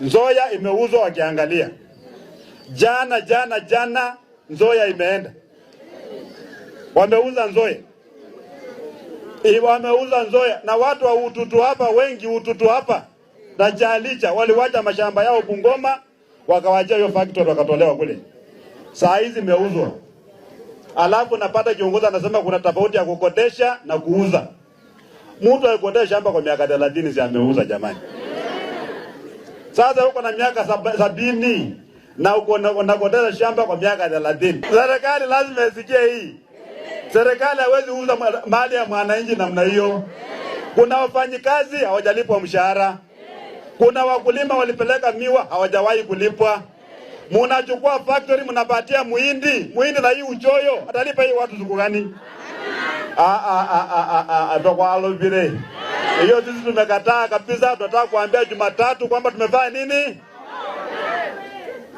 Nzoya imeuzwa wakiangalia jana jana jana, Nzoya imeenda, wameuza Nzoya, wameuza Nzoya. Na watu wa ututu hapa wengi, ututu hapa na Jalicha waliwacha mashamba yao Bungoma, wakawachia hiyo factory, wakatolewa kule. Saa hizi imeuzwa, alafu napata kiongozi anasema kuna tofauti ya kukodesha na kuuza. Mtu alikodesha shamba kwa miaka 30 si ameuza jamani? Sasa uko na miaka sabini na unakoteza shamba kwa miaka thelathini. Serikali lazima isikie hii. Serikali hawezi uza mali ya mwananchi namna hiyo. Kuna wafanyikazi hawajalipwa mshahara, kuna wakulima walipeleka miwa hawajawahi kulipwa. Munachukua factory mnapatia muhindi, muhindi na hii uchoyo atalipa hii watu siku gani? Atokwalo ah, ah, ah, vile hiyo sisi tumekataa kabisa. Tunataka kuambia Jumatatu kwamba tumefanya nini?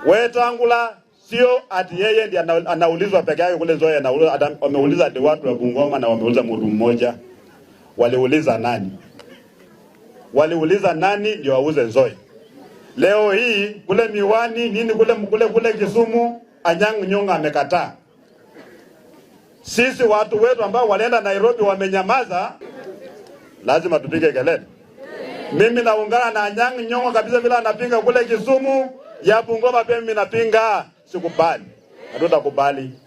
Wetangula sio ati yeye ndiye anaulizwa peke yake kule Zoya, ameuliza ati watu wa Bungoma na wameuliza mtu mmoja. Waliuliza nani? Waliuliza nani ndio wauze Zoya? Leo hii kule Miwani nini kule kule kule Kisumu, Anyang' Nyong'o amekataa. Sisi watu wetu ambao walienda Nairobi wamenyamaza lazima tupige kelele. Mimi naungana na Anyang' Nyong'o kabisa vile anapinga kule Kisumu ya Bungoma, pia mimi napinga, sikubali, hatutakubali.